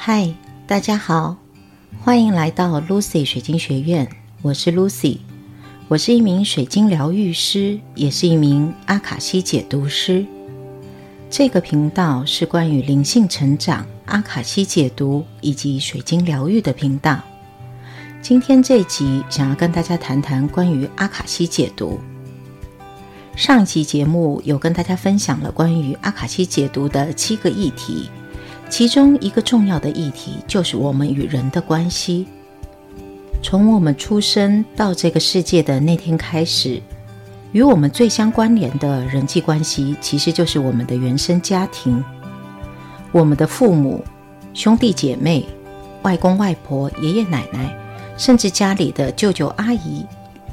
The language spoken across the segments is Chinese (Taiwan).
嗨，Hi, 大家好，歡迎來到 Lucy 水晶學院。我是 Lucy，我是一名水晶療癒師，也是一名阿卡西解讀師。這個頻道是關於靈性成長、阿卡西解讀以及水晶療癒的頻道。今天這集想要跟大家談談關於阿卡西解讀。上一集節目有跟大家分享了關於阿卡西解讀的七個議題。其中一個重要的議題就是我們與人的關係。從我們出生到這個世界的那天開始，與我們最相關聯的人際關係，其實就是我們的原生家庭。我們的父母、兄弟姐妹、外公外婆、爺爺奶奶，甚至家裡的舅舅阿姨、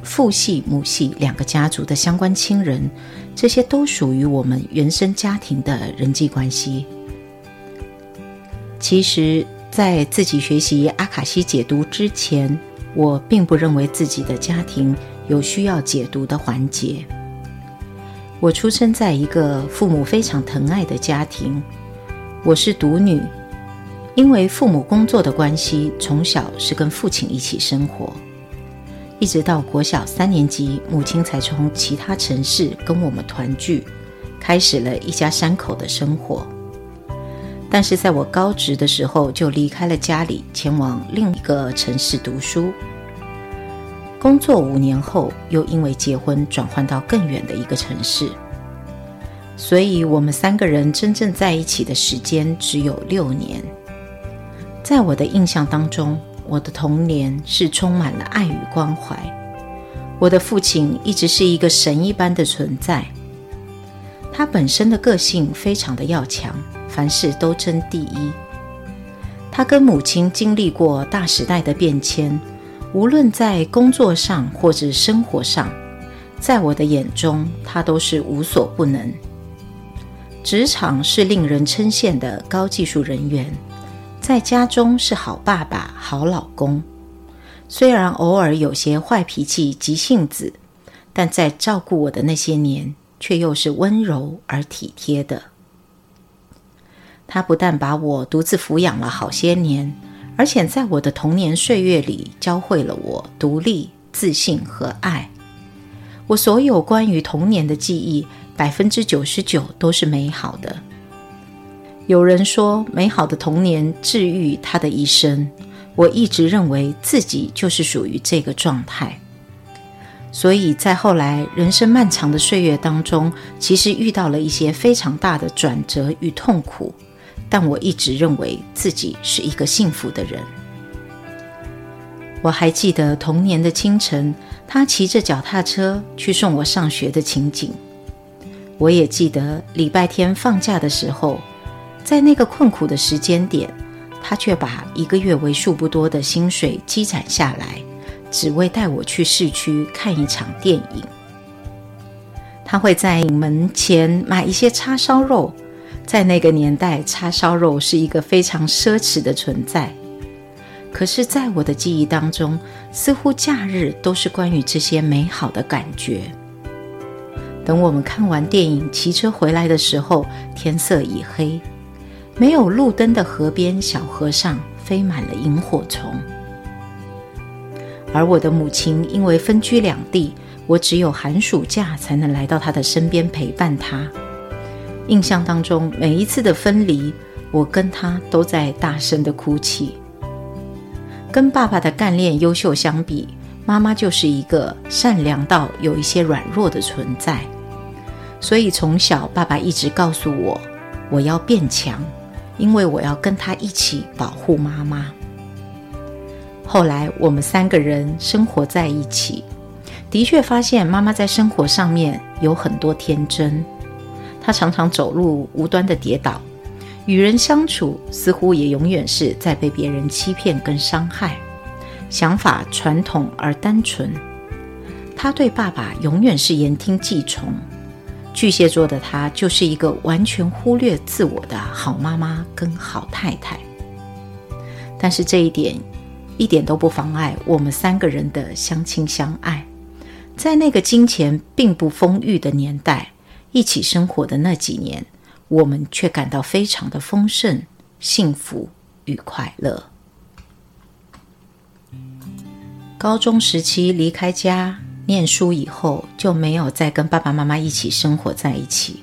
父系母系兩個家族的相關親人，這些都屬於我們原生家庭的人際關係。其實，在自己學習阿卡西解讀之前，我並不認為自己的家庭有需要解讀的環節。我出生在一個父母非常疼愛的家庭，我是獨女，因為父母工作的關係，從小是跟父親一起生活，一直到國小三年級，母親才從其他城市跟我們團聚，開始了一家三口的生活。但是在我高職的時候就離開了家裡，前往另一個城市讀書。工作五年後，又因為結婚轉換到更遠的一個城市。所以，我們三個人真正在一起的時間只有六年。在我的印象當中，我的童年是充滿了愛與關懷。我的父親一直是一個神一般的存在。他本身的個性非常的要強，凡事都爭第一。他跟母親經歷過大時代的變遷，無論在工作上或者生活上，在我的眼中，他都是無所不能。職場是令人稱羨的高技術人員，在家中是好爸爸、好老公。雖然偶爾有些壞脾氣、急性子，但在照顧我的那些年，卻又是溫柔而體貼的。他不但把我獨自撫養了好些年，而且在我的童年歲月裡，教會了我獨立、自信和愛。我所有關於童年的記憶，百分之九十九都是美好的。有人說，美好的童年治癒他的一生。我一直認為自己就是屬於這個狀態。所以在後來人生漫長的歲月當中，其實遇到了一些非常大的轉折與痛苦，但我一直認為自己是一個幸福的人。我還記得童年的清晨，他騎着腳踏車去送我上學的情景。我也記得禮拜天放假的時候，在那個困苦的時間點，他卻把一個月為數不多的薪水積攢下來。只為帶我去市區看一場電影。他會在門前買一些叉燒肉，在那個年代，叉燒肉是一個非常奢侈的存在。可是，在我的記憶當中，似乎假日都是關於這些美好的感覺。等我們看完電影，騎車回來的時候，天色已黑，沒有路燈的河邊小河上飛滿了螢火蟲。而我的母親因為分居兩地，我只有寒暑假才能來到她的身邊陪伴她。印象當中，每一次的分離，我跟她都在大聲地哭泣。跟爸爸的幹練優秀相比，媽媽就是一個善良到有一些軟弱的存在。所以從小，爸爸一直告訴我，我要變強，因為我要跟他一起保護媽媽。後來我們三個人生活在一起，的確發現媽媽在生活上面有很多天真。她常常走路無端的跌倒，與人相處，似乎也永遠是在被別人欺騙跟傷害。想法傳統而單純，她對爸爸永遠是言聽計從。巨蟹座的她就是一個完全忽略自我的好媽媽跟好太太。但是這一點，一點都不妨礙我們三個人的相親相愛。在那個金錢並不豐裕的年代，一起生活的那幾年，我們卻感到非常的豐盛、幸福與快樂。高中時期離開家念書以後，就沒有再跟爸爸媽媽一起生活在一起。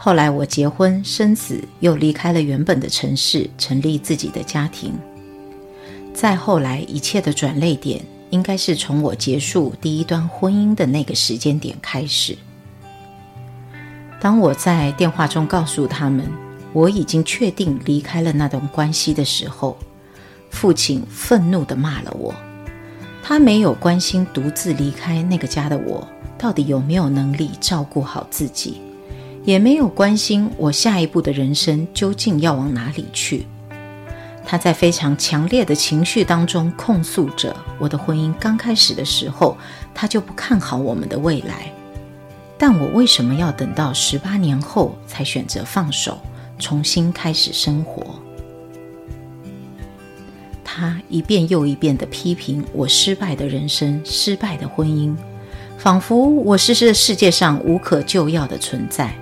後來我結婚生子，又離開了原本的城市，成立自己的家庭。再後來，一切的轉捩點應該是從我結束第一段婚姻的那個時間點開始。當我在電話中告訴他們我已經確定離開了那段關係的時候，父親憤怒地罵了我。他沒有關心獨自離開那個家的我到底有沒有能力照顧好自己，也沒有關心我下一步的人生究竟要往哪裡去。他在非常強烈的情緒當中控訴着我的婚姻剛開始的時候，他就不看好我們的未來。但我為什麼要等到十八年後才選擇放手，重新開始生活？他一遍又一遍的批評我失敗的人生、失敗的婚姻，仿佛我是這世界上無可救藥的存在。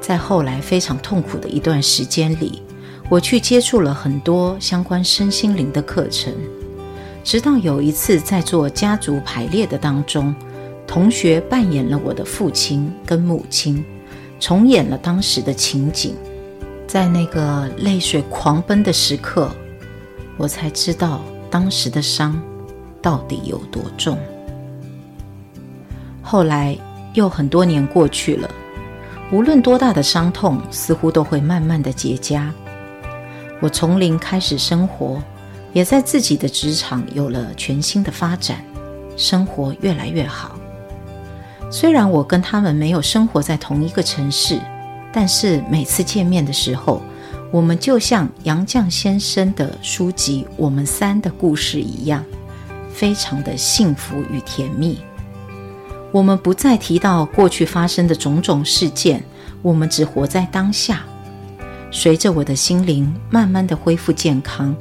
在後來非常痛苦的一段時間裡。我去接觸了很多相關身心靈的課程，直到有一次在做家族排列的當中，同學扮演了我的父親跟母親，重演了當時的情景，在那個淚水狂奔的時刻，我才知道當時的傷到底有多重。後來又很多年過去了，無論多大的傷痛，似乎都會慢慢的結痂。我從零開始生活，也在自己的職場有了全新的發展，生活越來越好。雖然我跟他們沒有生活在同一個城市，但是每次見面的時候，我們就像楊絳先生的書籍《我們三的故事》一樣，非常的幸福與甜蜜。我們不再提到過去發生的種種事件，我們只活在當下。隨着我的心靈慢慢的恢復健康，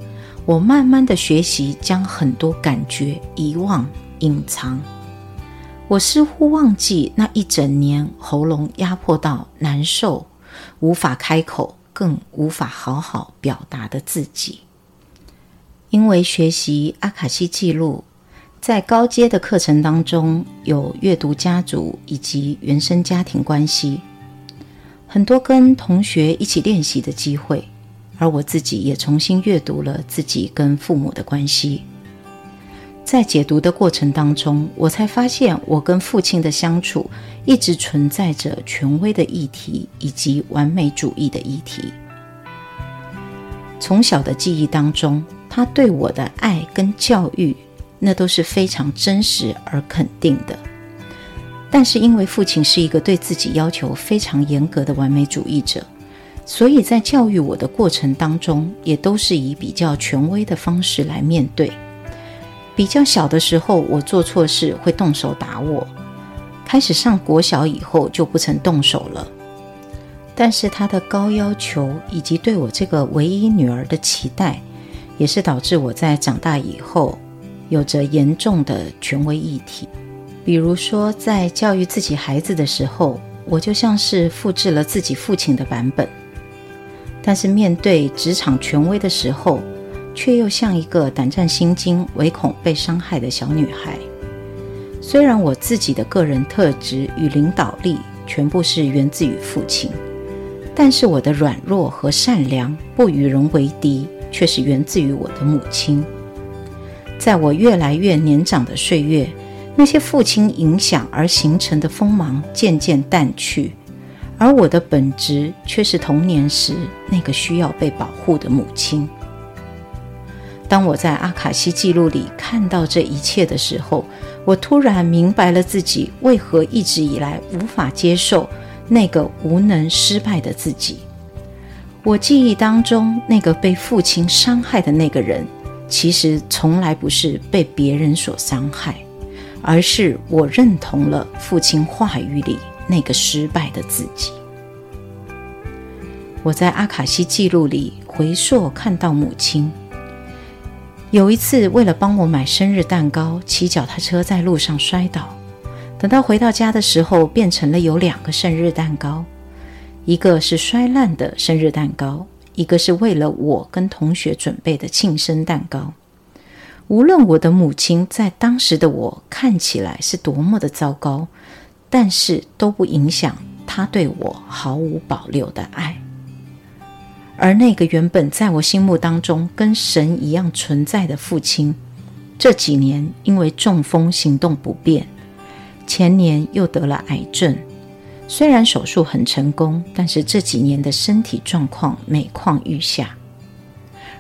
我慢慢的學習將很多感覺遺忘、隱藏。我似乎忘記那一整年喉嚨壓迫到難受，無法開口，更無法好好表達的自己。因為學習阿卡西記錄，在高階的課程當中有閱讀家族以及原生家庭關係。很多跟同學一起練習的機會，而我自己也重新閱讀了自己跟父母的關係。在解讀的過程當中，我才發現我跟父親的相處一直存在着權威的議題以及完美主義的議題。從小的記憶當中，他對我的愛跟教育，那都是非常真實而肯定的。但是因為父親是一個對自己要求非常嚴格的完美主義者，所以在教育我的過程當中，也都是以比較權威的方式來面對。比較小的時候，我做錯事會動手打我；開始上國小以後就不曾動手了。但是他的高要求以及對我這個唯一女兒的期待，也是導致我在長大以後有着嚴重的權威議題。比如說，在教育自己孩子的時候，我就像是複製了自己父親的版本；但是面對職場權威的時候，卻又像一個膽戰心驚、唯恐被傷害的小女孩。雖然我自己的個人特質與領導力全部是源自於父親，但是我的軟弱和善良、不與人為敵，卻是源自於我的母親。在我越來越年長的歲月，那些父親影響而形成的鋒芒漸漸淡去，而我的本質卻是童年時那個需要被保護的母親。當我在阿卡西記錄裡看到這一切的時候，我突然明白了自己為何一直以來無法接受那個無能失敗的自己。我記憶當中那個被父親傷害的那個人，其實從來不是被別人所傷害。而是我認同了父親話語裡那個失敗的自己。我在阿卡西記錄裡回溯，看到母親，有一次為了幫我買生日蛋糕，騎腳踏車在路上摔倒。等到回到家的時候，變成了有兩個生日蛋糕，一個是摔爛的生日蛋糕，一個是為了我跟同學準備的慶生蛋糕。無論我的母親在當時的我看起來是多麼的糟糕，但是都不影響她對我毫無保留的愛。而那個原本在我心目當中跟神一樣存在的父親，這幾年因為中風行動不便，前年又得了癌症，雖然手術很成功，但是這幾年的身體狀況每況愈下。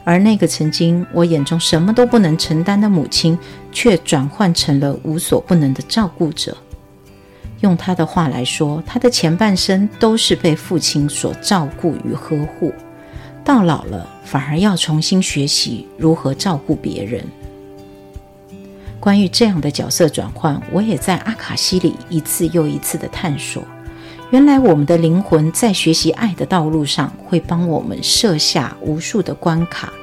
而那個曾經我眼中什麼都不能承擔的母親，卻轉換成了無所不能的照顧者。用她的話來說，她的前半生都是被父親所照顧與呵護，到老了反而要重新學習如何照顧別人。關於這樣的角色轉換，我也在阿卡西裡一次又一次地探索。原來我們的靈魂在學習愛的道路上，會幫我們設下無數的關卡。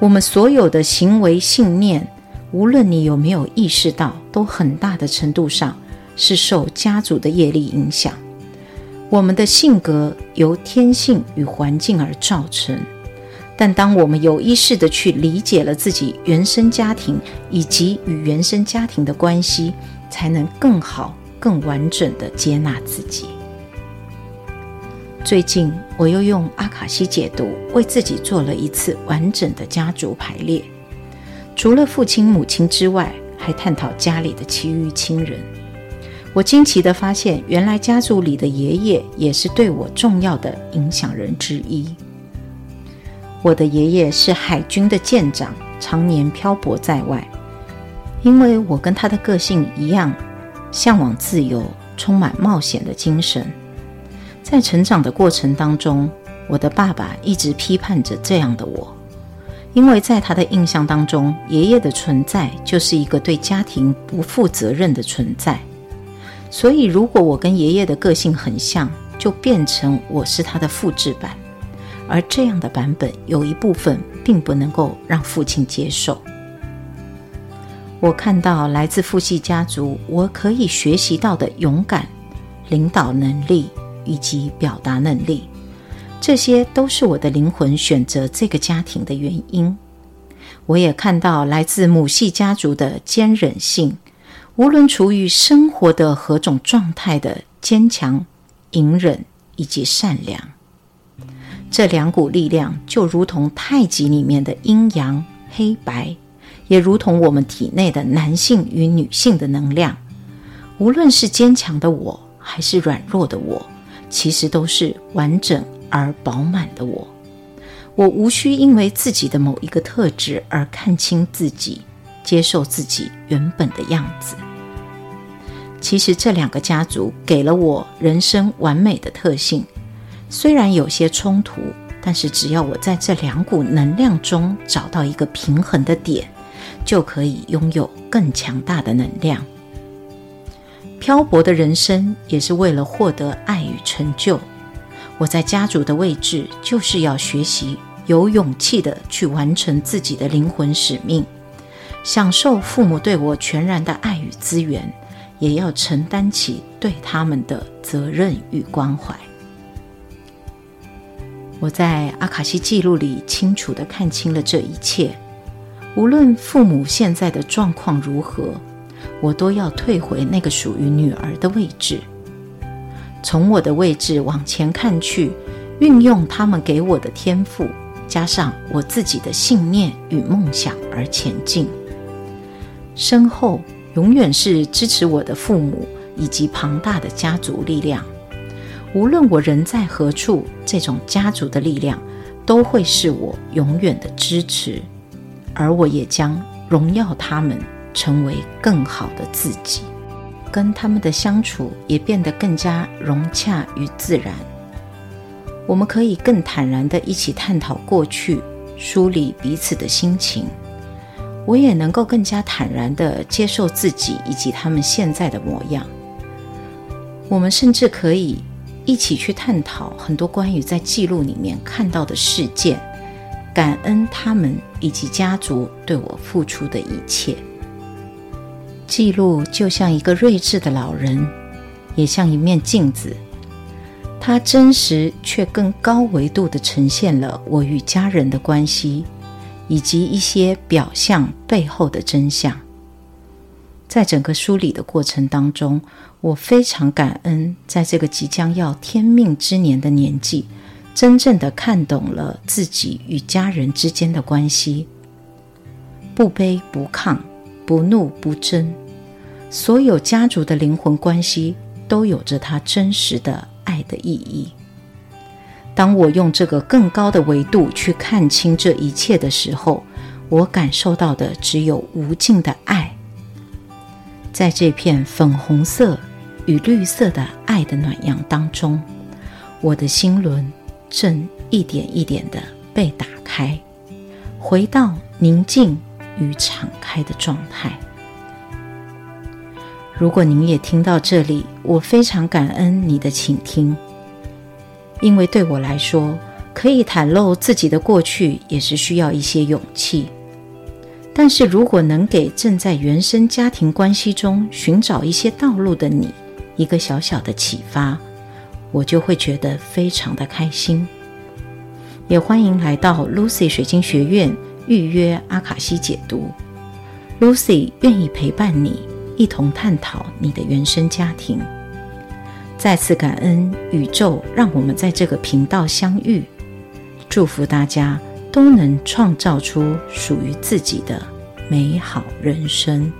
我們所有的行為、信念，無論你有沒有意識到，都很大的程度上是受家族的業力影響。我們的性格由天性與環境而造成，但當我們有意識地去理解了自己原生家庭以及與原生家庭的關係，才能更好、更完整地接納自己。最近，我又用阿卡西解讀為自己做了一次完整的家族排列，除了父親、母親之外，還探討家裡的其餘親人。我驚奇地發現，原來家族裡的爺爺也是對我重要的影響人之一。我的爺爺是海軍的艦長，常年漂泊在外。因為我跟他的個性一樣，向往自由，充滿冒險的精神。在成長的過程當中，我的爸爸一直批判着這樣的我，因為在他的印象當中，爺爺的存在就是一個對家庭不負責任的存在。所以，如果我跟爺爺的個性很像，就變成我是他的複製版。而這樣的版本有一部分並不能夠讓父親接受。我看到來自父系家族，我可以學習到的勇敢、領導能力。以及表達能力，這些都是我的靈魂選擇這個家庭的原因。我也看到來自母系家族的堅忍性，無論處於生活的何種狀態的堅強、隱忍以及善良。這兩股力量就如同太極裡面的陰陽黑白，也如同我們體內的男性與女性的能量，無論是堅強的我還是軟弱的我。其實都是完整而飽滿的我，我無需因為自己的某一個特質而看清自己，接受自己原本的樣子。其實這兩個家族給了我人生完美的特性，雖然有些衝突，但是只要我在這兩股能量中找到一個平衡的點，就可以擁有更強大的能量。漂泊的人生也是為了獲得愛與成就。我在家族的位置就是要學習有勇氣的去完成自己的靈魂使命，享受父母對我全然的愛與資源，也要承擔起對他們的責任與關懷。我在阿卡西記錄裡清楚的看清了這一切，無論父母現在的狀況如何。我都要退回那個屬於女兒的位置。從我的位置往前看去，運用他們給我的天賦，加上我自己的信念與夢想而前進。身後永遠是支持我的父母以及龐大的家族力量。無論我人在何處，這種家族的力量都會是我永遠的支持，而我也將榮耀他們。成為更好的自己，跟他們的相處也變得更加融洽與自然。我們可以更坦然地一起探討過去，梳理彼此的心情。我也能夠更加坦然地接受自己以及他們現在的模樣。我們甚至可以一起去探討很多關於在記錄裡面看到的事件，感恩他們以及家族對我付出的一切。記錄就像一個睿智的老人，也像一面鏡子，它真實卻更高維度地呈現了我與家人的關係，以及一些表象背後的真相。在整個梳理的過程當中，我非常感恩，在這個即將要天命之年的年紀，真正地看懂了自己與家人之間的關係，不卑不亢，不怒不爭。所有家族的靈魂關係都有着它真實的愛的意義。當我用這個更高的維度去看清這一切的時候，我感受到的只有無盡的愛。在這片粉紅色與綠色的愛的暖陽當中，我的心輪正一點一點地被打開，回到寧靜與敞開的狀態。如果您也聽到這裡，我非常感恩你的傾聽，因為對我來說，可以袒露自己的過去也是需要一些勇氣。但是如果能給正在原生家庭關係中尋找一些道路的你，一個小小的啟發，我就會覺得非常的開心。也歡迎來到 Lucy 水晶學院預約阿卡西解讀，Lucy 願意陪伴你。一同探討你的原生家庭，再次感恩宇宙讓我們在這個頻道相遇，祝福大家都能創造出屬於自己的美好人生。